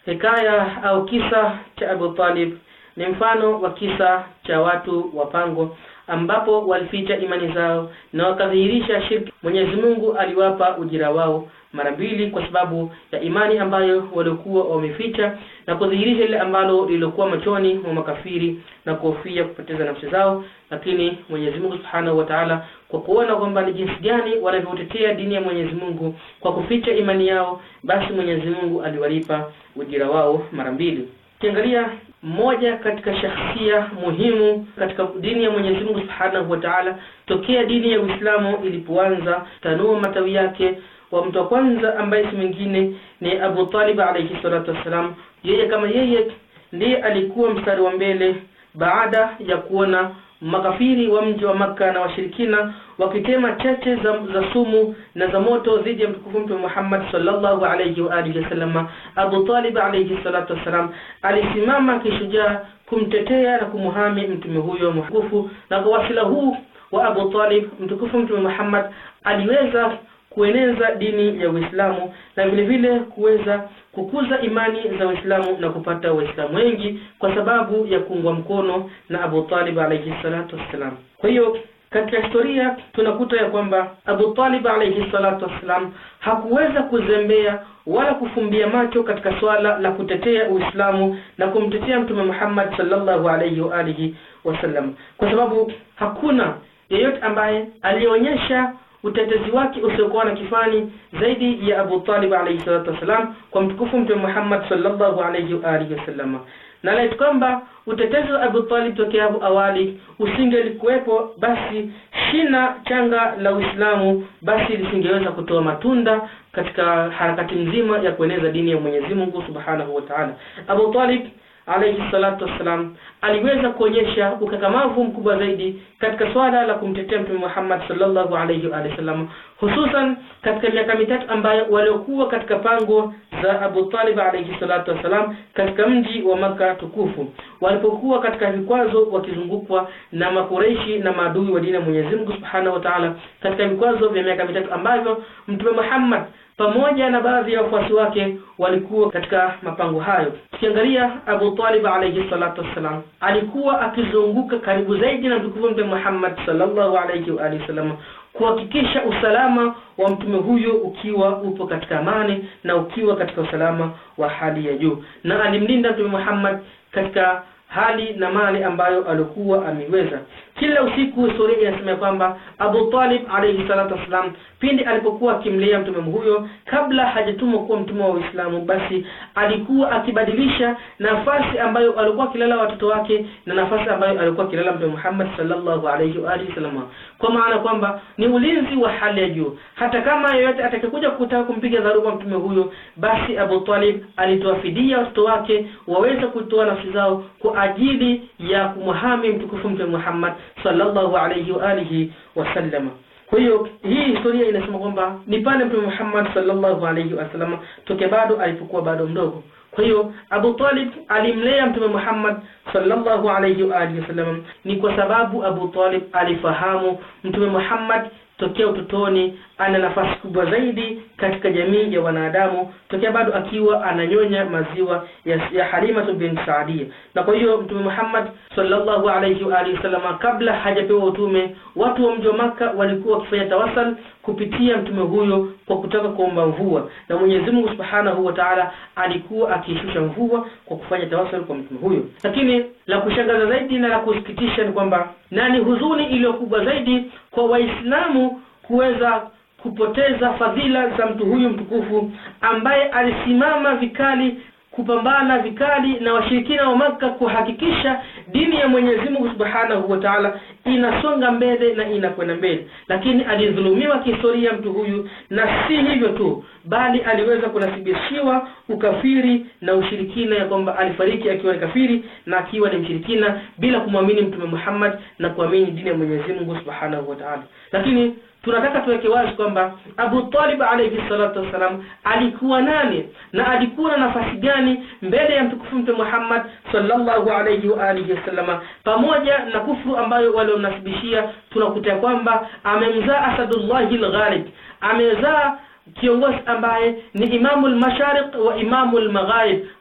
hikaya au kisa cha Abu Talib ni mfano wa kisa cha watu wapango ambapo walificha imani zao na wakadhihirisha shirki. Mwenyezi Mungu aliwapa ujira wao mara mbili kwa sababu ya imani ambayo walikuwa wameficha na kudhihirisha lile ambalo lilikuwa machoni mwa makafiri na kuhofia kupoteza nafsi zao. Lakini Mwenyezi Mungu Subhanahu wa Ta'ala, kwa kuona kwamba ni jinsi gani wanavyotetea dini ya Mwenyezi Mungu kwa kuficha imani yao, basi Mwenyezi Mungu aliwalipa ujira wao mara mbili. Ukiangalia mmoja katika shakhsia muhimu katika dini ya Mwenyezi Mungu Subhanahu wa Ta'ala. Tokea dini ya Uislamu ilipoanza tanua matawi yake, wa mtu wa kwanza ambaye si mwingine ni Abu Talib alayhi salatu wasalam. Yeye kama yeye ndiye alikuwa mstari wa mbele baada ya kuona makafiri wa mji wa Makka na washirikina wakitema chache za, za sumu na za moto dhidi ya mtukufu Mtume Muhammad sallallahu alayhi wa alihi wasallam. Abu Talib alayhi salatu wasalam alisimama kishujaa kumtetea na kumuhami mtume huyo mtukufu, na kwa wasila huu wa Abu Talib mtukufu Mtume Muhammad aliweza kueneza dini ya Uislamu na vile vile kuweza kukuza imani za Waislamu na kupata Waislamu wengi kwa sababu ya kuungwa mkono na Abu Talib alayhi salatu wassalam. Kwa hiyo katika historia tunakuta ya kwamba Abu Talib alayhi salatu wassalam hakuweza kuzembea wala kufumbia macho katika swala la kutetea Uislamu na kumtetea Mtume Muhammad sallallahu alayhi wa alihi wasallam, kwa sababu hakuna yeyote ambaye alionyesha utetezi wake usiokuwa na kifani zaidi ya Abu Talib alayhi salatu wasalam kwa mtukufu Mtume Muhammad sallallahu alayhi wa alihi wasallam, na laiti kwamba utetezi wa Abu Talib tokea hapo awali usingelikuwepo, basi shina changa la Uislamu basi lisingeweza kutoa matunda katika harakati nzima ya kueneza dini ya Mwenyezi Mungu subhanahu wa ta'ala. Abu Talib alayhi salatu wassalam aliweza kuonyesha ukakamavu mkubwa zaidi katika swala la kumtetea Mtume Muhammad sallallahu alayhi wa sallam, hususan katika miaka mitatu ambayo waliokuwa katika pango za Abu Talib alayhi salatu wassalam katika mji wa Maka tukufu, walipokuwa katika vikwazo wakizungukwa na makureishi na maadui wa dini ya Mwenyezi Mungu subhanahu wa taala, katika vikwazo vya miaka mitatu ambavyo Mtume Muhammad pamoja na baadhi ya wafuasi wake walikuwa katika mapango hayo. Tukiangalia, Abu Talib alayhi salatu wassalam alikuwa akizunguka karibu zaidi na mtukufu Mtume Muhammad sallallahu alayhi wa alihi wasallam kuhakikisha usalama wa mtume huyo ukiwa upo katika amani na ukiwa katika usalama wa hali ya juu, na alimlinda Mtume Muhammad katika hali na mali ambayo alikuwa ameweza. Kila usiku historia inasema kwamba Abu Talib alayhi salatu wasalam pindi alipokuwa akimlea mtume huyo kabla hajatumwa kuwa mtume wa Uislamu, basi alikuwa akibadilisha nafasi ambayo alikuwa akilala watoto wake na nafasi ambayo alikuwa akilala mtume Muhammad sallallahu alayhi wa alihi wasallam, kwa maana kwamba ni ulinzi wa hali ya juu. Hata kama yeyote atakayekuja kutaka kumpiga dharuba mtume huyo, basi Abu Talib alitoa fidia watoto wake waweze kutoa nafsi zao kwa ajili ya kumhami mtukufu mtume Muhammad sallallahu alayhi wa alihi wasallam. Kwa hiyo hii historia inasema kwamba ni pale Mtume Muhammad sallallahu alayhi wasallam toke bado alipokuwa bado mdogo. Kwa hiyo Abu Talib alimlea Mtume Muhammad sallallahu alayhi wa alihi wasallam, ni kwa sababu Abu Talib alifahamu Mtume Muhammad tokea utotoni ana nafasi kubwa zaidi katika jamii ya wanadamu tokea bado akiwa ananyonya maziwa ya, ya Halima bin Saadia. Na kwa hiyo Mtume Muhammad sallallahu alayhi wa alihi wasallam, kabla hajapewa utume, watu wa mji wa Maka walikuwa wakifanya tawassul kupitia mtume huyo kwa kutaka kuomba mvua, na Mwenyezi Mungu Subhanahu wa Ta'ala alikuwa akishusha mvua kwa kufanya tawassul kwa mtume huyo. Lakini la kushangaza zaidi na la kusikitisha ni kwamba, na ni huzuni iliyo kubwa zaidi kwa Waislamu kuweza kupoteza fadhila za mtu huyu mtukufu ambaye alisimama vikali kupambana vikali na washirikina wa Makka kuhakikisha dini ya Mwenyezi Mungu Subhanahu wa Ta'ala inasonga mbele na inakwenda mbele, lakini alidhulumiwa kihistoria mtu huyu, na si hivyo tu, bali aliweza kunasibishiwa ukafiri na ushirikina, ya kwamba alifariki akiwa ni kafiri na akiwa ni mshirikina bila kumwamini Mtume Muhammad na kuamini dini ya Mwenyezi Mungu Subhanahu wa Ta'ala, lakini tunataka tuweke wazi kwamba Abu Talib alayhi salatu wasalam alikuwa nani na alikuwa na nafasi gani mbele ya mtukufu Mtume Muhammad sallallahu alayhi wa alihi wasallam Pamoja na kufuru ambayo wanasibishia tunakuta kwamba amemzaa Asadullahil ghalib amezaa kiongozi ambaye ni imamu al-mashariq wa imamu al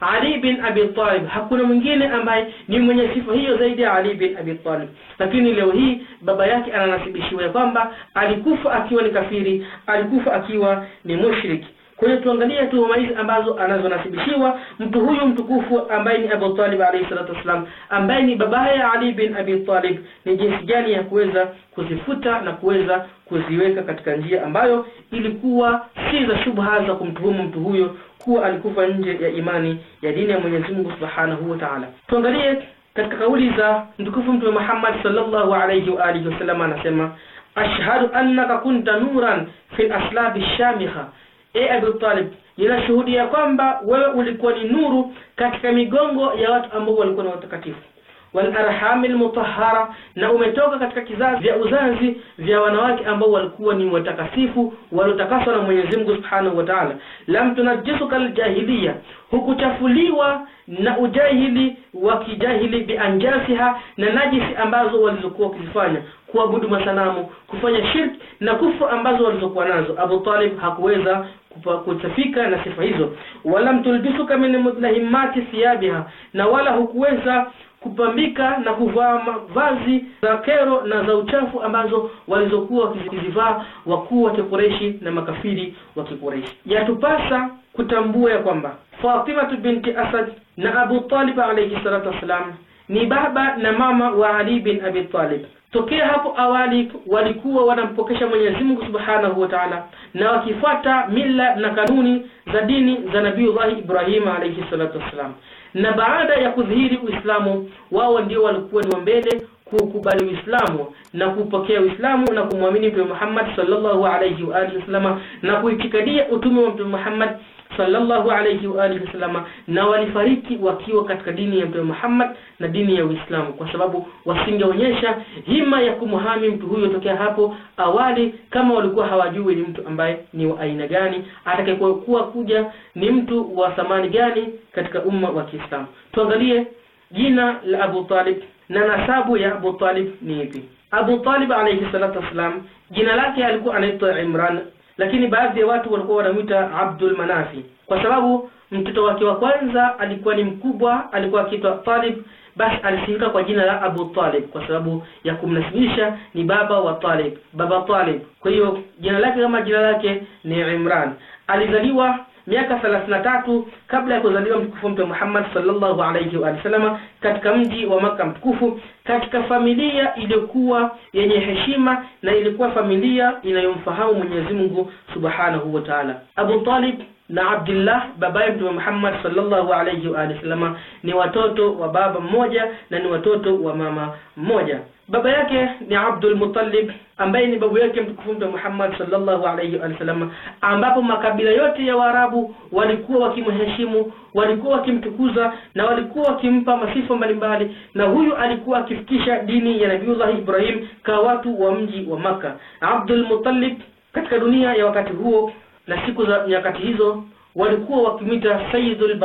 Ali bin Abi Talib. Hakuna mwingine ambaye ni mwenye sifa hiyo zaidi ya Ali bin Abi Talib, lakini leo hii baba yake ananasibishiwa ya kwamba alikufa akiwa ni kafiri, alikufa akiwa ni mushriki. Kwa hiyo tuangalie tuhuma hizi ambazo anazonasibishiwa mtu huyu mtukufu ambaye ni Abu Talib alayhi salatu wassalam, ambaye ni babaye Ali bin Abi Talib, ni jinsi gani ya kuweza kuzifuta na kuweza kuziweka katika njia ambayo ilikuwa si za shubha za kumtuhumu mtu huyo kuwa alikufa nje ya imani ya dini ya Mwenyezi Mungu Subhanahu wa Ta'ala. Tuangalie katika kauli za mtukufu Mtume Muhammad sallallahu alayhi wa alihi wasallam, anasema ashhadu annaka kunta nuran fil aslabi shamikha. E Abu Talib, ninashuhudia kwamba wewe ulikuwa ni nuru katika migongo ya watu ambao walikuwa na watakatifu wal arhamil na umetoka katika kizazi vya uzazi vya wanawake ambao walikuwa ni watakasifu waliotakaswa na Mwenyezi Mungu Subhanahu wa Ta'ala. Lam tunajisuka aljahiliya, hukuchafuliwa na ujahili wa kijahili bianjasiha, na najisi ambazo walizokuwa wakizifanya kuabudu masanamu, kufanya shirk na kufu ambazo walizokuwa nazo. Abu Talib hakuweza kusafika na sifa hizo. Walam tulbisuka min mudlahimati thiyabiha, na wala hukuweza kupambika na kuvaa mavazi za kero na za uchafu ambazo walizokuwa wakizivaa wakuu wa Kikureshi na makafiri wa Kikureshi. Yatupasa kutambua ya kwamba Fatima binti Asad na Abu Talib alayhi salatu wassalam ni baba na mama wa Ali bin Abi Talib. Tokea hapo awali walikuwa wanampokesha Mwenyezi Mungu Subhanahu wa Ta'ala na wakifuata mila na kanuni za dini za Nabiiullah Ibrahim alayhi salatu wassalam na baada ya kudhihiri Uislamu wao ndio walikuwa ni wa mbele kukubali Uislamu na kupokea Uislamu na kumwamini Mtume Muhammad sallallahu alayhi wa alihi wasallam na kuitikadia utume wa Mtume Muhammad sallallahu alayhi wa alihi wasallam, na walifariki wakiwa katika dini ya Mtume Muhammad na dini ya Uislamu, kwa sababu wasingeonyesha hima ya kumhami mtu huyo tokea hapo awali, kama walikuwa hawajui ni mtu ambaye ni wa aina gani, atakayekuwa kuja ni mtu wa thamani gani katika umma wa Kiislamu. Tuangalie jina la Abu Talib na nasabu ya Abu Talib ni ipi? Abu Talib alayhi salatu wassalam, jina lake alikuwa anaitwa Imran lakini baadhi ya watu walikuwa wanamwita Abdul Manafi kwa sababu mtoto wake wa kwanza alikuwa ni mkubwa, alikuwa akiitwa Talib, basi alisimika kwa jina la Abu Talib kwa sababu ya kumnasibisha ni baba wa Talib, baba Talib. Kwa hiyo jina lake kama jina lake ni Imran. Alizaliwa miaka 33 kabla ya kuzaliwa mtukufu Mtume Muhammad sallallahu alayhi wa sallam katika mji wa Maka mtukufu katika familia iliyokuwa yenye heshima na ilikuwa familia inayomfahamu Mwenyezi Mungu Subhanahu wa Ta'ala. Abu Talib na Abdullah babaye Mtume Muhammad sallallahu alayhi wa sallam ni watoto wa baba mmoja na ni watoto wa mama mmoja baba yake ni Abdul Muttalib ambaye ni babu yake mtukufu Mtume Muhammad sallallahu alaihi wasallam, ambapo makabila yote ya Waarabu walikuwa wakimheshimu, walikuwa wakimtukuza na walikuwa wakimpa masifa mbalimbali, na huyu alikuwa akifikisha dini ya nabiullahi Ibrahim kwa watu wa mji wa Maka. Abdul Muttalib katika dunia ya wakati huo na siku za nyakati hizo walikuwa wakimwita Sayyidul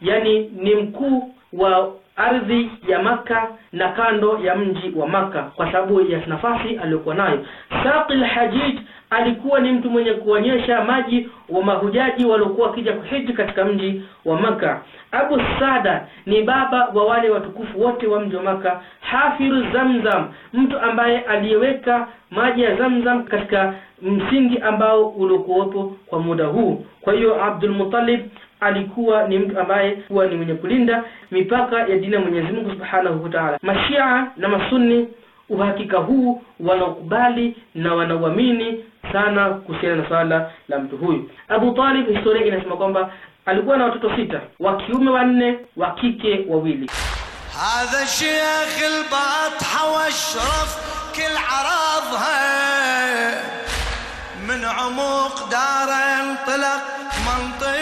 yani ni mkuu wa ardhi ya Maka na kando ya mji wa Maka kwa sababu ya nafasi aliyokuwa nayo. Saqil Hajij alikuwa ni mtu mwenye kuonyesha maji wa mahujaji waliokuwa wakija kuhiji katika mji wa Maka. Abu Sada ni baba wa wale watukufu wote wa mji wa Maka. Hafiru Zamzam, mtu ambaye aliyeweka maji ya Zamzam katika msingi ambao uliokuwepo kwa muda huu. Kwa hiyo Abdul Muttalib alikuwa ni mtu ambaye huwa ni mwenye kulinda mipaka ya dini ya Mwenyezi Mungu Subhanahu wa Ta'ala. Mashia na Masunni uhakika huu wanaokubali na wanauamini sana kuhusiana na swala la mtu huyu. Abu Talib, historia inasema kwamba alikuwa na watoto sita, wa kiume wanne, wa kike wawili. hadha shaykh albatha wa ashraf kil aradha min umuq dara intilaq mantiq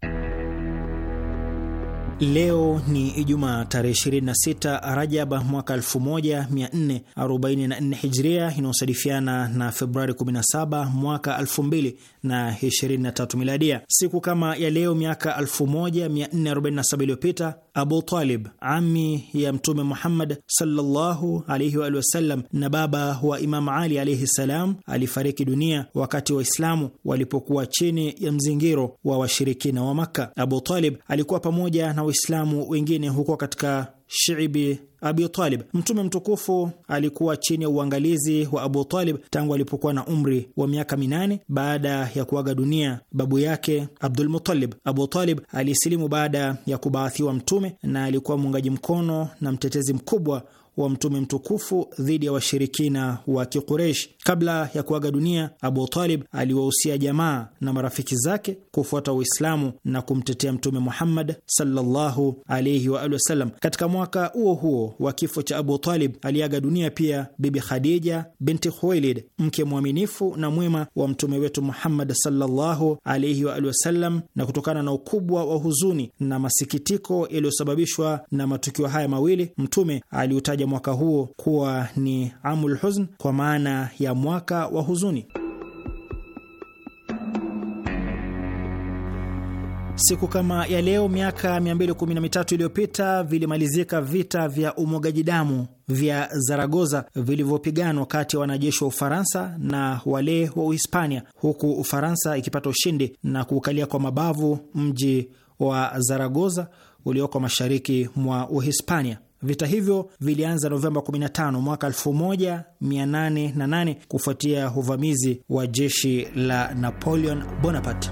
Leo ni Ijumaa tarehe 26 rajab mwaka 1444 Hijria, inayosadifiana na Februari 17 mwaka 2023 Miladia. Siku kama ya leo miaka 1447 iliyopita, Abu Talib ami ya Mtume Muhammad sallallahu alaihi wa alihi wasallam na baba wa Imam Ali alaihi salam alifariki dunia wakati Waislamu walipokuwa chini ya mzingiro wa washirikina wa Makka. Abu Talib alikuwa pamoja na Waislamu wengine huko katika Shiibi Abi Talib. Mtume mtukufu alikuwa chini ya uangalizi wa Abu Talib tangu alipokuwa na umri wa miaka minane baada ya kuaga dunia babu yake Abdul Muttalib. Abu Talib alisilimu baada ya kubaathiwa Mtume na alikuwa muungaji mkono na mtetezi mkubwa wa mtume mtukufu dhidi ya washirikina wa Kikureish. Kabla ya kuaga dunia, Abu Talib aliwahusia jamaa na marafiki zake kufuata Uislamu na kumtetea Mtume Muhammad sallallahu alayhi wa alihi wasallam. Katika mwaka huo huo wa kifo cha Abu Talib aliaga dunia pia Bibi Khadija binti Khuwailid, mke mwaminifu na mwema wa mtume wetu Muhammad sallallahu alayhi wa alihi wasallam. Na kutokana na ukubwa wa huzuni na masikitiko yaliyosababishwa na matukio haya mawili, mtume aliutaja mwaka huo kuwa ni amul huzn kwa maana ya mwaka wa huzuni. Siku kama ya leo miaka 213 iliyopita vilimalizika vita vya umwagaji damu vya Zaragoza vilivyopiganwa kati ya wanajeshi wa Ufaransa na wale wa Uhispania, huku Ufaransa ikipata ushindi na kuukalia kwa mabavu mji wa Zaragoza ulioko mashariki mwa Uhispania. Vita hivyo vilianza Novemba 15 mwaka 1808 kufuatia uvamizi wa jeshi la Napoleon Bonaparte.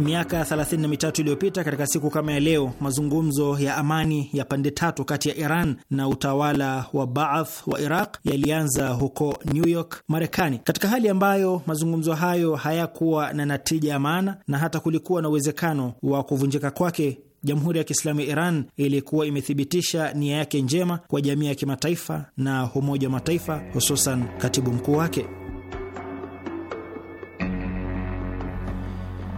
Miaka 33 iliyopita katika siku kama ya leo, mazungumzo ya amani ya pande tatu kati ya Iran na utawala wa Baath wa Iraq yalianza huko New York, Marekani, katika hali ambayo mazungumzo hayo hayakuwa na natija ya maana na hata kulikuwa na uwezekano wa kuvunjika kwake Jamhuri ya Kiislamu ya Iran ilikuwa imethibitisha nia yake njema kwa jamii ya kimataifa na Umoja wa Mataifa, hususan katibu mkuu wake.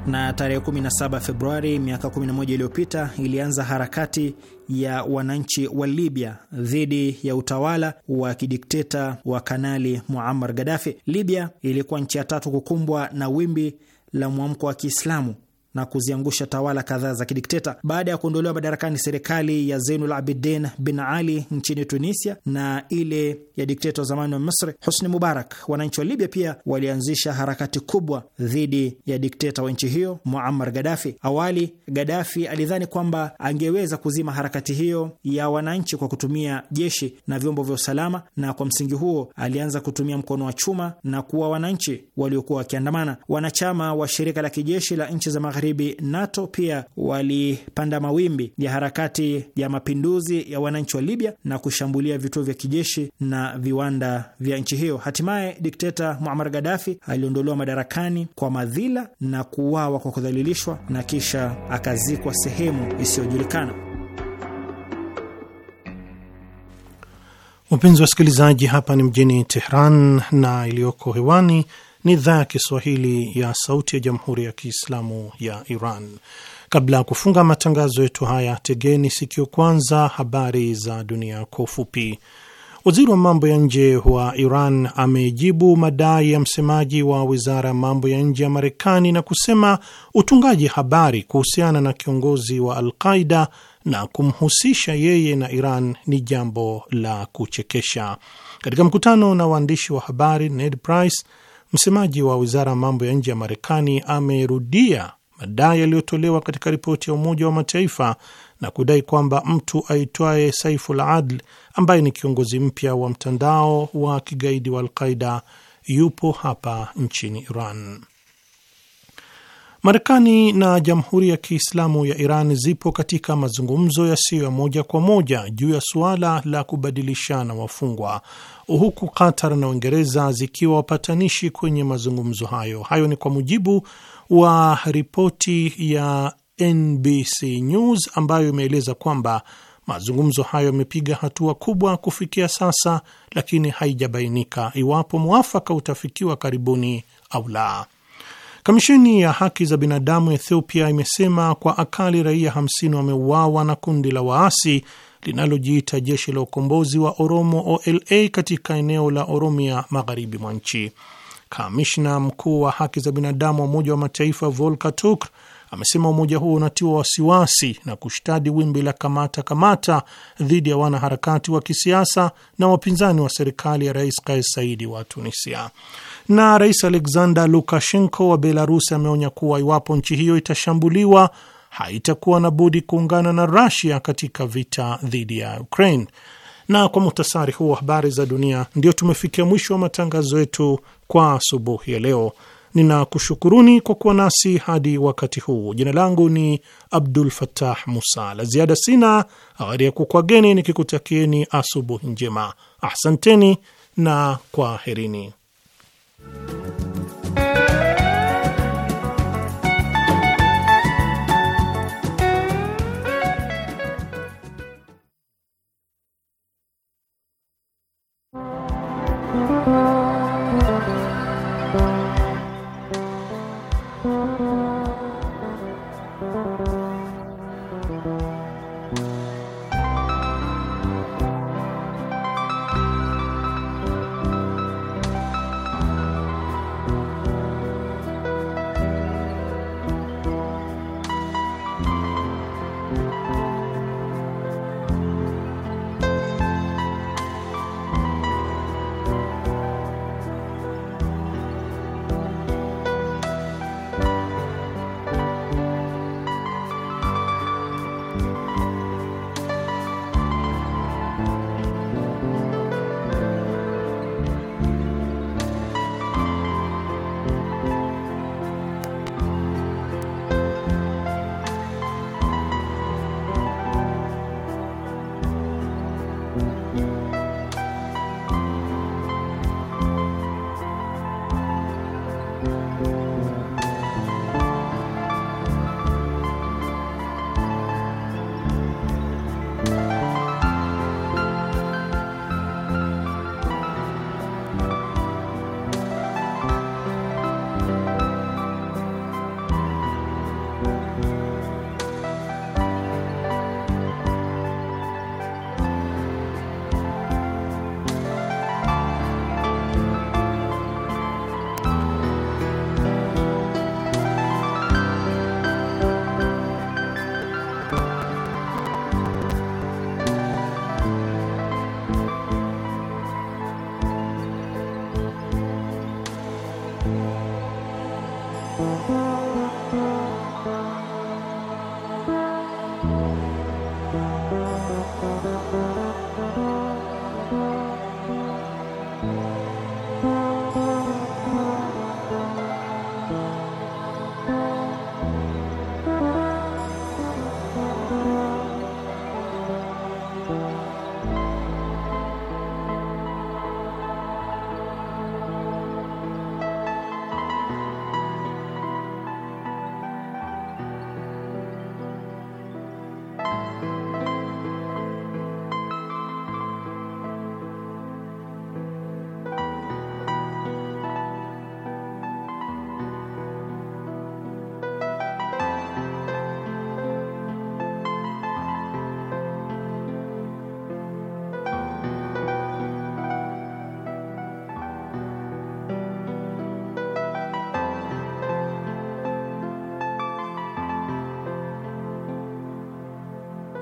Na tarehe 17 Februari miaka 11 iliyopita ilianza harakati ya wananchi wa Libya dhidi ya utawala wa kidikteta wa Kanali Muammar Gaddafi. Libya ilikuwa nchi ya tatu kukumbwa na wimbi la mwamko wa Kiislamu na kuziangusha tawala kadhaa za kidikteta. Baada ya kuondolewa madarakani serikali ya Zeinul Abidin bin Ali nchini Tunisia na ile ya dikteta wa zamani wa Misri Husni Mubarak, wananchi wa Libya pia walianzisha harakati kubwa dhidi ya dikteta wa nchi hiyo Muammar Gadafi. Awali Gadafi alidhani kwamba angeweza kuzima harakati hiyo ya wananchi kwa kutumia jeshi na vyombo vya usalama, na kwa msingi huo alianza kutumia mkono wa chuma na kuwa wananchi waliokuwa wakiandamana. Wanachama wa shirika la kijeshi la nchi za magharibi NATO pia walipanda mawimbi ya harakati ya mapinduzi ya wananchi wa Libya na kushambulia vituo vya kijeshi na viwanda vya nchi hiyo. Hatimaye dikteta Muammar Gaddafi aliondolewa madarakani kwa madhila na kuuawa kwa kudhalilishwa na kisha akazikwa sehemu isiyojulikana. Wapenzi wasikilizaji, hapa ni mjini Tehran na iliyoko hewani ni idhaa ya Kiswahili ya Sauti ya Jamhuri ya Kiislamu ya Iran. Kabla ya kufunga matangazo yetu haya, tegeni sikio kwanza habari za dunia kwa ufupi. Waziri wa mambo ya nje wa Iran amejibu madai ya msemaji wa wizara ya mambo ya nje ya Marekani na kusema utungaji habari kuhusiana na kiongozi wa Alqaida na kumhusisha yeye na Iran ni jambo la kuchekesha. Katika mkutano na waandishi wa habari, Ned Price Msemaji wa wizara ya mambo ya nje ya Marekani amerudia madai yaliyotolewa katika ripoti ya Umoja wa Mataifa na kudai kwamba mtu aitwaye Saiful Adl ambaye ni kiongozi mpya wa mtandao wa kigaidi wa Alqaida yupo hapa nchini Iran. Marekani na Jamhuri ya Kiislamu ya Iran zipo katika mazungumzo yasiyo ya moja kwa moja juu ya suala la kubadilishana wafungwa huku Qatar na Uingereza zikiwa wapatanishi kwenye mazungumzo hayo. Hayo ni kwa mujibu wa ripoti ya NBC News ambayo imeeleza kwamba mazungumzo hayo yamepiga hatua kubwa kufikia sasa, lakini haijabainika iwapo mwafaka utafikiwa karibuni au la. Kamisheni ya haki za binadamu Ethiopia imesema kwa akali raia 50 wameuawa na kundi la waasi linalojiita jeshi la ukombozi wa Oromo OLA katika eneo la Oromia magharibi mwa nchi. Kamishna mkuu wa haki za binadamu wa Umoja wa Mataifa Volker Turk amesema umoja huo unatiwa wasiwasi na kushtadi wimbi la kamata kamata dhidi ya wanaharakati wa kisiasa na wapinzani wa serikali ya Rais Kais Saidi wa Tunisia. Na Rais Alexander Lukashenko wa Belarus ameonya kuwa iwapo nchi hiyo itashambuliwa haitakuwa na budi kuungana na rasia katika vita dhidi ya Ukraine. Na kwa muhtasari huu wa habari za dunia, ndio tumefikia mwisho wa matangazo yetu kwa asubuhi ya leo. Ninakushukuruni kwa kuwa nasi hadi wakati huu. Jina langu ni Abdul fatah Musa. La ziada sina awari ya kukwageni nikikutakieni asubuhi njema. Ahsanteni na kwaherini.